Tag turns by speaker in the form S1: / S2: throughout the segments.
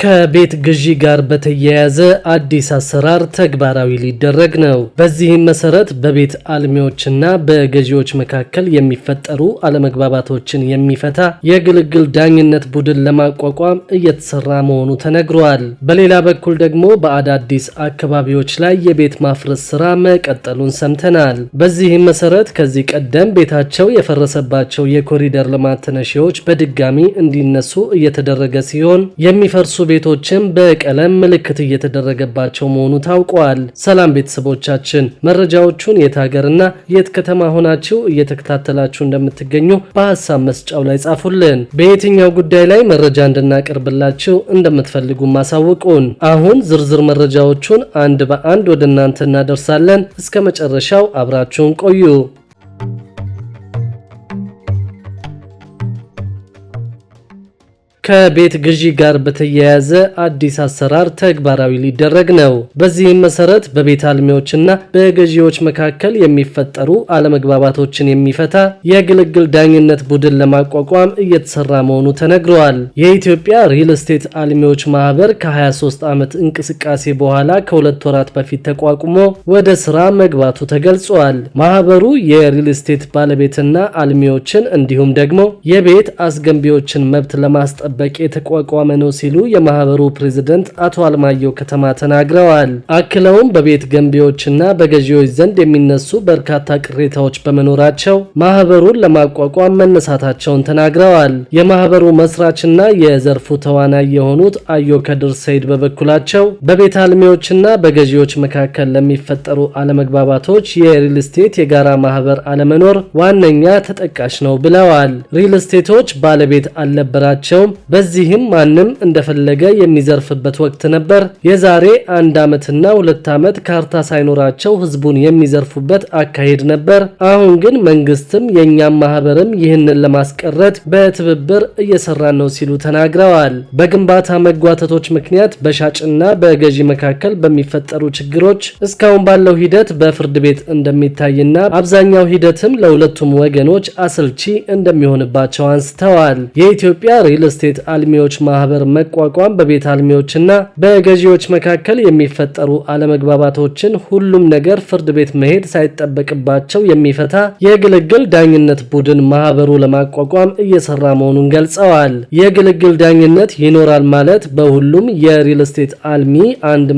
S1: ከቤት ግዢ ጋር በተያያዘ አዲስ አሰራር ተግባራዊ ሊደረግ ነው። በዚህም መሰረት በቤት አልሚዎችና በገዢዎች መካከል የሚፈጠሩ አለመግባባቶችን የሚፈታ የግልግል ዳኝነት ቡድን ለማቋቋም እየተሰራ መሆኑ ተነግሯል። በሌላ በኩል ደግሞ በአዳዲስ አካባቢዎች ላይ የቤት ማፍረስ ስራ መቀጠሉን ሰምተናል። በዚህም መሰረት ከዚህ ቀደም ቤታቸው የፈረሰባቸው የኮሪደር ልማት ተነሺዎች በድጋሚ እንዲነሱ እየተደረገ ሲሆን የሚፈርሱ ቤቶችም በቀለም ምልክት እየተደረገባቸው መሆኑ ታውቋል። ሰላም ቤተሰቦቻችን፣ መረጃዎቹን የት ሀገርና የት ከተማ ሆናችሁ እየተከታተላችሁ እንደምትገኙ በሀሳብ መስጫው ላይ ጻፉልን። በየትኛው ጉዳይ ላይ መረጃ እንድናቀርብላችሁ እንደምትፈልጉ ማሳውቁን። አሁን ዝርዝር መረጃዎቹን አንድ በአንድ ወደ እናንተ እናደርሳለን። እስከ መጨረሻው አብራችሁን ቆዩ። ከቤት ግዢ ጋር በተያያዘ አዲስ አሰራር ተግባራዊ ሊደረግ ነው። በዚህም መሰረት በቤት አልሚዎችና በገዢዎች መካከል የሚፈጠሩ አለመግባባቶችን የሚፈታ የግልግል ዳኝነት ቡድን ለማቋቋም እየተሰራ መሆኑ ተነግረዋል። የኢትዮጵያ ሪል ስቴት አልሚዎች ማህበር ከ23 ዓመት እንቅስቃሴ በኋላ ከሁለት ወራት በፊት ተቋቁሞ ወደ ስራ መግባቱ ተገልጿል። ማህበሩ የሪል ስቴት ባለቤትና አልሚዎችን እንዲሁም ደግሞ የቤት አስገንቢዎችን መብት ለማስጠበቅ ለመጠበቅ የተቋቋመ ነው ሲሉ የማህበሩ ፕሬዝደንት አቶ አልማየሁ ከተማ ተናግረዋል። አክለውም በቤት ገንቢዎችና በገዢዎች ዘንድ የሚነሱ በርካታ ቅሬታዎች በመኖራቸው ማህበሩን ለማቋቋም መነሳታቸውን ተናግረዋል። የማህበሩ መስራችና የዘርፉ ተዋናይ የሆኑት አዮ ከድር ሰይድ በበኩላቸው በቤት አልሚዎችና በገዢዎች መካከል ለሚፈጠሩ አለመግባባቶች የሪል ስቴት የጋራ ማህበር አለመኖር ዋነኛ ተጠቃሽ ነው ብለዋል። ሪል ስቴቶች ባለቤት አልነበራቸውም በዚህም ማንም እንደፈለገ የሚዘርፍበት ወቅት ነበር። የዛሬ አንድ ዓመትና ሁለት ዓመት ካርታ ሳይኖራቸው ህዝቡን የሚዘርፉበት አካሄድ ነበር። አሁን ግን መንግስትም የእኛም ማህበርም ይህንን ለማስቀረት በትብብር እየሰራን ነው ሲሉ ተናግረዋል። በግንባታ መጓተቶች ምክንያት በሻጭና በገዢ መካከል በሚፈጠሩ ችግሮች እስካሁን ባለው ሂደት በፍርድ ቤት እንደሚታይና አብዛኛው ሂደትም ለሁለቱም ወገኖች አሰልቺ እንደሚሆንባቸው አንስተዋል። የኢትዮጵያ ሪል ስቴት የቤት አልሚዎች ማህበር መቋቋም በቤት አልሚዎችና በገዢዎች መካከል የሚፈጠሩ አለመግባባቶችን ሁሉም ነገር ፍርድ ቤት መሄድ ሳይጠበቅባቸው የሚፈታ የግልግል ዳኝነት ቡድን ማህበሩ ለማቋቋም እየሰራ መሆኑን ገልጸዋል። የግልግል ዳኝነት ይኖራል ማለት በሁሉም የሪል ስቴት አልሚ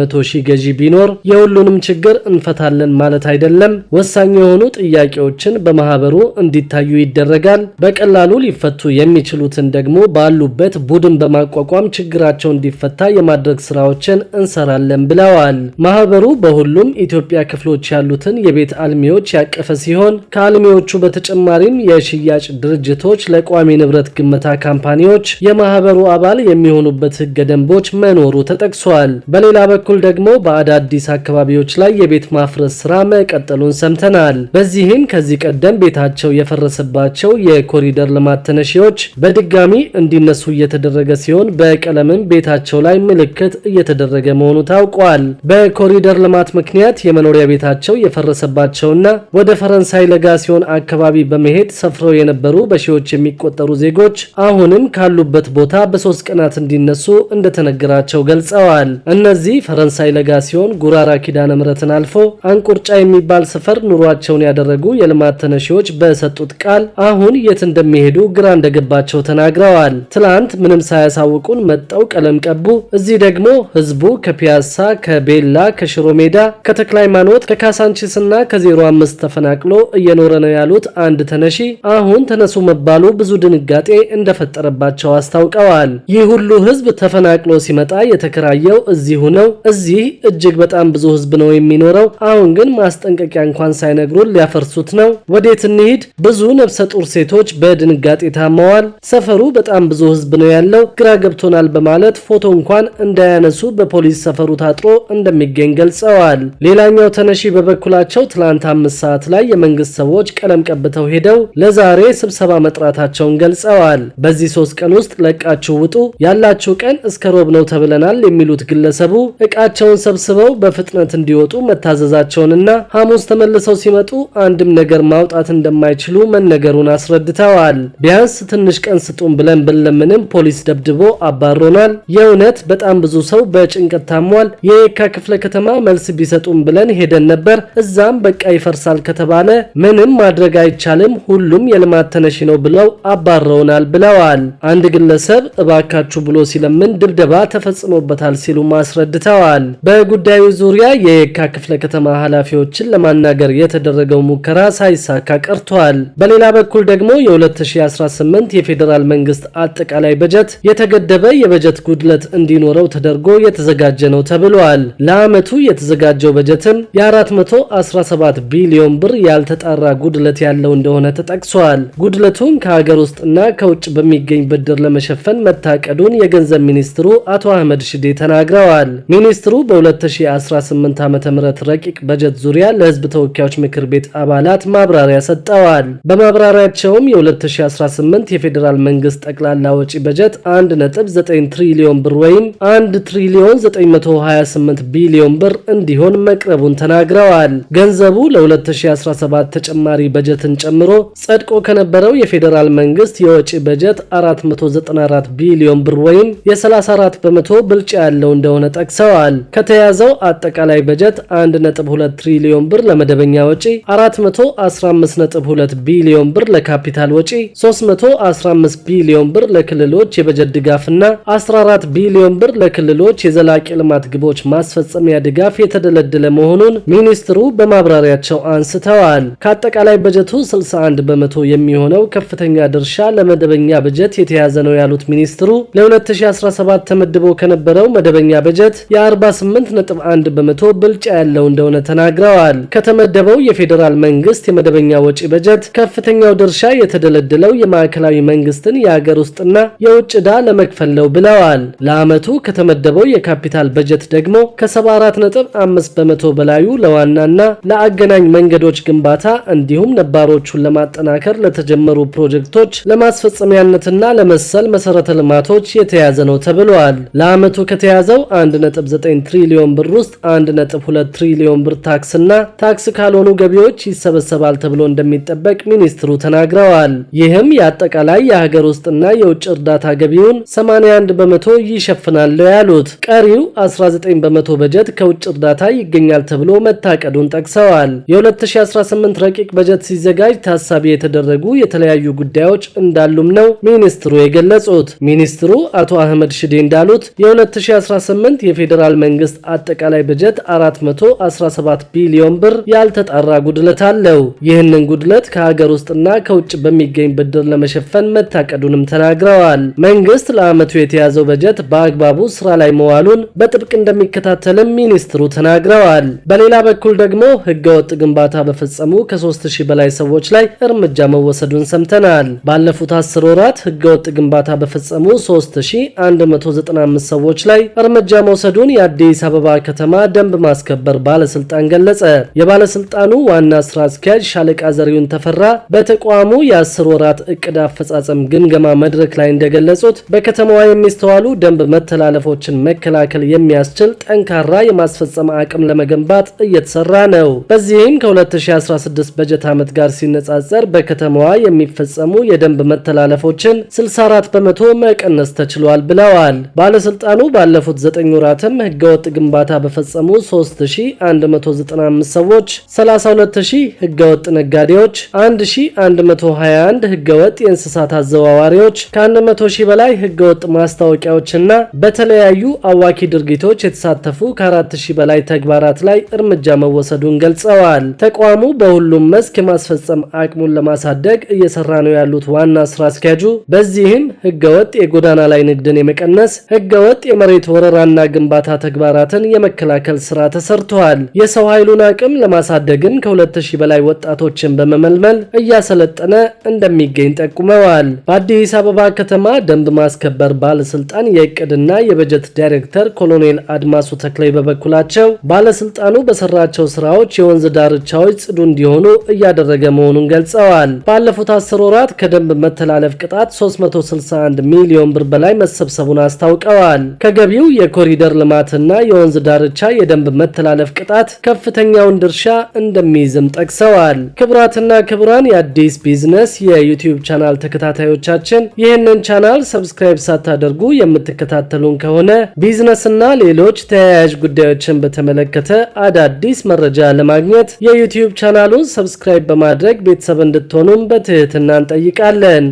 S1: 100 ሺህ ገዢ ቢኖር የሁሉንም ችግር እንፈታለን ማለት አይደለም። ወሳኝ የሆኑ ጥያቄዎችን በማህበሩ እንዲታዩ ይደረጋል። በቀላሉ ሊፈቱ የሚችሉትን ደግሞ ባሉበት ባሉበት ቡድን በማቋቋም ችግራቸው እንዲፈታ የማድረግ ስራዎችን እንሰራለን ብለዋል። ማህበሩ በሁሉም ኢትዮጵያ ክፍሎች ያሉትን የቤት አልሚዎች ያቀፈ ሲሆን ከአልሚዎቹ በተጨማሪም የሽያጭ ድርጅቶች ለቋሚ ንብረት ግመታ ካምፓኒዎች የማህበሩ አባል የሚሆኑበት ህገ ደንቦች መኖሩ ተጠቅሷል። በሌላ በኩል ደግሞ በአዳዲስ አካባቢዎች ላይ የቤት ማፍረስ ስራ መቀጠሉን ሰምተናል። በዚህም ከዚህ ቀደም ቤታቸው የፈረሰባቸው የኮሪደር ልማት ተነሺዎች በድጋሚ እንዲነሱ እየተደረገ ሲሆን በቀለምም ቤታቸው ላይ ምልክት እየተደረገ መሆኑ ታውቋል። በኮሪደር ልማት ምክንያት የመኖሪያ ቤታቸው የፈረሰባቸውና ወደ ፈረንሳይ ለጋ ሲሆን አካባቢ በመሄድ ሰፍረው የነበሩ በሺዎች የሚቆጠሩ ዜጎች አሁንም ካሉበት ቦታ በሶስት ቀናት እንዲነሱ እንደተነገራቸው ገልጸዋል። እነዚህ ፈረንሳይ ሲሆን ጉራራ ኪዳነ ምረትን አልፎ አንቁርጫ የሚባል ሰፈር ኑሯቸውን ያደረጉ የልማት ተነሺዎች በሰጡት ቃል አሁን የት እንደሚሄዱ ግራ እንደገባቸው ተናግረዋል። ትላንት ትናንት ምንም ሳያሳውቁን መጣው ቀለም ቀቡ። እዚህ ደግሞ ህዝቡ ከፒያሳ፣ ከቤላ፣ ከሽሮ ሜዳ፣ ከተክለ ሃይማኖት፣ ከካሳንቺስ እና ከዜሮ አምስት ተፈናቅሎ እየኖረ ነው ያሉት አንድ ተነሺ አሁን ተነሱ መባሉ ብዙ ድንጋጤ እንደፈጠረባቸው አስታውቀዋል። ይህ ሁሉ ህዝብ ተፈናቅሎ ሲመጣ የተከራየው እዚሁ ነው። እዚህ እጅግ በጣም ብዙ ህዝብ ነው የሚኖረው። አሁን ግን ማስጠንቀቂያ እንኳን ሳይነግሩን ሊያፈርሱት ነው። ወዴት እንሂድ? ብዙ ነፍሰ ጡር ሴቶች በድንጋጤ ታመዋል። ሰፈሩ በጣም ብዙ ህዝብ ነው ያለው፣ ግራ ገብቶናል በማለት ፎቶ እንኳን እንዳያነሱ በፖሊስ ሰፈሩ ታጥሮ እንደሚገኝ ገልጸዋል። ሌላኛው ተነሺ በበኩላቸው ትላንት አምስት ሰዓት ላይ የመንግስት ሰዎች ቀለም ቀብተው ሄደው ለዛሬ ስብሰባ መጥራታቸውን ገልጸዋል። በዚህ ሶስት ቀን ውስጥ ለቃችሁ ውጡ ያላችሁ ቀን እስከ ሮብ ነው ተብለናል የሚሉት ግለሰቡ እቃቸውን ሰብስበው በፍጥነት እንዲወጡ መታዘዛቸውንና ሐሙስ ተመልሰው ሲመጡ አንድም ነገር ማውጣት እንደማይችሉ መነገሩን አስረድተዋል። ቢያንስ ትንሽ ቀን ስጡን ብለን ብንለምንም ፖሊስ ደብድቦ አባሮናል። የእውነት በጣም ብዙ ሰው በጭንቀት ታሟል። የየካ ክፍለ ከተማ መልስ ቢሰጡም ብለን ሄደን ነበር። እዛም በቃ ይፈርሳል ከተባለ ምንም ማድረግ አይቻልም፣ ሁሉም የልማት ተነሺ ነው ብለው አባረውናል ብለዋል። አንድ ግለሰብ እባካችሁ ብሎ ሲለምን ድብደባ ተፈጽሞበታል ሲሉ አስረድተዋል። በጉዳዩ ዙሪያ የየካ ክፍለ ከተማ ኃላፊዎችን ለማናገር የተደረገው ሙከራ ሳይሳካ ቀርቷል። በሌላ በኩል ደግሞ የ2018 የፌዴራል መንግስት አጠቃላይ አጠቃላይ በጀት የተገደበ የበጀት ጉድለት እንዲኖረው ተደርጎ የተዘጋጀ ነው ተብሏል። ለአመቱ የተዘጋጀው በጀትም የ417 ቢሊዮን ብር ያልተጣራ ጉድለት ያለው እንደሆነ ተጠቅሷል። ጉድለቱን ከሀገር ውስጥና ከውጭ በሚገኝ ብድር ለመሸፈን መታቀዱን የገንዘብ ሚኒስትሩ አቶ አህመድ ሽዴ ተናግረዋል። ሚኒስትሩ በ2018 ዓ ም ረቂቅ በጀት ዙሪያ ለህዝብ ተወካዮች ምክር ቤት አባላት ማብራሪያ ሰጠዋል። በማብራሪያቸውም የ2018 የፌዴራል መንግስት ጠቅላላ ወጪ የወጪ በጀት 1.9 ትሪሊዮን ብር ወይም 1 ትሪሊዮን 928 ቢሊዮን ብር እንዲሆን መቅረቡን ተናግረዋል። ገንዘቡ ለ2017 ተጨማሪ በጀትን ጨምሮ ጸድቆ ከነበረው የፌዴራል መንግስት የወጪ በጀት 494 ቢሊዮን ብር ወይም የ34 በመቶ ብልጫ ያለው እንደሆነ ጠቅሰዋል። ከተያዘው አጠቃላይ በጀት 1.2 ትሪሊዮን ብር ለመደበኛ ወጪ፣ 415.2 ቢሊዮን ብር ለካፒታል ወጪ፣ 315 ቢሊዮን ብር ለክልል ለክልሎች የበጀት ድጋፍና 14 ቢሊዮን ብር ለክልሎች የዘላቂ ልማት ግቦች ማስፈጸሚያ ድጋፍ የተደለደለ መሆኑን ሚኒስትሩ በማብራሪያቸው አንስተዋል። ከአጠቃላይ በጀቱ 61 በመቶ የሚሆነው ከፍተኛ ድርሻ ለመደበኛ በጀት የተያዘ ነው ያሉት ሚኒስትሩ ለ2017 ተመድቦ ከነበረው መደበኛ በጀት የ48.1 በመቶ ብልጫ ያለው እንደሆነ ተናግረዋል። ከተመደበው የፌዴራል መንግስት የመደበኛ ወጪ በጀት ከፍተኛው ድርሻ የተደለደለው የማዕከላዊ መንግስትን የአገር ውስጥና የውጭ ዕዳ ለመክፈል ነው ብለዋል። ለአመቱ ከተመደበው የካፒታል በጀት ደግሞ ከ74.5 በመቶ በላዩ ለዋናና ለአገናኝ መንገዶች ግንባታ እንዲሁም ነባሮቹን ለማጠናከር ለተጀመሩ ፕሮጀክቶች ለማስፈጸሚያነትና ለመሰል መሰረተ ልማቶች የተያዘ ነው ተብለዋል። ለአመቱ ከተያዘው 1.9 ትሪሊዮን ብር ውስጥ 1.2 ትሪሊዮን ብር ታክስና ታክስ ካልሆኑ ገቢዎች ይሰበሰባል ተብሎ እንደሚጠበቅ ሚኒስትሩ ተናግረዋል። ይህም የአጠቃላይ የሀገር ውስጥና የውጭ እርዳታ ገቢውን 81 በመቶ ይሸፍናል ያሉት፣ ቀሪው 19 በመቶ በጀት ከውጭ እርዳታ ይገኛል ተብሎ መታቀዱን ጠቅሰዋል። የ2018 ረቂቅ በጀት ሲዘጋጅ ታሳቢ የተደረጉ የተለያዩ ጉዳዮች እንዳሉም ነው ሚኒስትሩ የገለጹት። ሚኒስትሩ አቶ አህመድ ሽዴ እንዳሉት የ2018 የፌዴራል መንግስት አጠቃላይ በጀት 417 ቢሊዮን ብር ያልተጣራ ጉድለት አለው። ይህንን ጉድለት ከሀገር ውስጥና ከውጭ በሚገኝ ብድር ለመሸፈን መታቀዱንም ተናግረዋል። ገልጸዋል። መንግስት ለዓመቱ የተያዘው በጀት በአግባቡ ስራ ላይ መዋሉን በጥብቅ እንደሚከታተልም ሚኒስትሩ ተናግረዋል። በሌላ በኩል ደግሞ ህገወጥ ግንባታ በፈጸሙ ከ3000 በላይ ሰዎች ላይ እርምጃ መወሰዱን ሰምተናል። ባለፉት 10 ወራት ህገወጥ ግንባታ በፈጸሙ 3195 ሰዎች ላይ እርምጃ መውሰዱን የአዲስ አበባ ከተማ ደንብ ማስከበር ባለስልጣን ገለጸ። የባለስልጣኑ ዋና ስራ አስኪያጅ ሻለቃ ዘሪሁን ተፈራ በተቋሙ የ10 ወራት እቅድ አፈጻጸም ግምገማ መድረክ ላይ እንደገለጹት በከተማዋ የሚስተዋሉ ደንብ መተላለፎችን መከላከል የሚያስችል ጠንካራ የማስፈጸም አቅም ለመገንባት እየተሰራ ነው። በዚህም ከ2016 በጀት ዓመት ጋር ሲነጻጸር በከተማዋ የሚፈጸሙ የደንብ መተላለፎችን 64 በመቶ መቀነስ ተችሏል ብለዋል። ባለስልጣኑ ባለፉት 9 ወራትም ህገወጥ ግንባታ በፈጸሙ 3195 ሰዎች 32000 ህገወጥ ነጋዴዎች፣ 1121 ህገወጥ የእንስሳት አዘዋዋሪዎች፣ ከ1 ከመቶ ሺህ በላይ ህገወጥ ማስታወቂያዎችና በተለያዩ አዋኪ ድርጊቶች የተሳተፉ ከአራት ሺህ በላይ ተግባራት ላይ እርምጃ መወሰዱን ገልጸዋል። ተቋሙ በሁሉም መስክ የማስፈጸም አቅሙን ለማሳደግ እየሰራ ነው ያሉት ዋና ስራ አስኪያጁ በዚህም ህገወጥ የጎዳና ላይ ንግድን የመቀነስ፣ ህገወጥ የመሬት ወረራና ግንባታ ተግባራትን የመከላከል ስራ ተሰርተዋል። የሰው ኃይሉን አቅም ለማሳደግን ከ ሺህ በላይ ወጣቶችን በመመልመል እያሰለጠነ እንደሚገኝ ጠቁመዋል። በአዲስ አበባ ከተማ የከተማ ደንብ ማስከበር ባለስልጣን የእቅድና የበጀት ዳይሬክተር ኮሎኔል አድማሱ ተክላይ በበኩላቸው ባለስልጣኑ በሰራቸው ስራዎች የወንዝ ዳርቻዎች ጽዱ እንዲሆኑ እያደረገ መሆኑን ገልጸዋል። ባለፉት አስር ወራት ከደንብ መተላለፍ ቅጣት 361 ሚሊዮን ብር በላይ መሰብሰቡን አስታውቀዋል። ከገቢው የኮሪደር ልማትና የወንዝ ዳርቻ የደንብ መተላለፍ ቅጣት ከፍተኛውን ድርሻ እንደሚይዝም ጠቅሰዋል። ክቡራትና ክቡራን የአዲስ ቢዝነስ የዩቲዩብ ቻናል ተከታታዮቻችን ይህንን ቻናል ሰብስክራይብ ሳታደርጉ የምትከታተሉን ከሆነ ቢዝነስና ሌሎች ተያያዥ ጉዳዮችን በተመለከተ አዳዲስ መረጃ ለማግኘት የዩቲዩብ ቻናሉን ሰብስክራይብ በማድረግ ቤተሰብ እንድትሆኑም በትህትና እንጠይቃለን።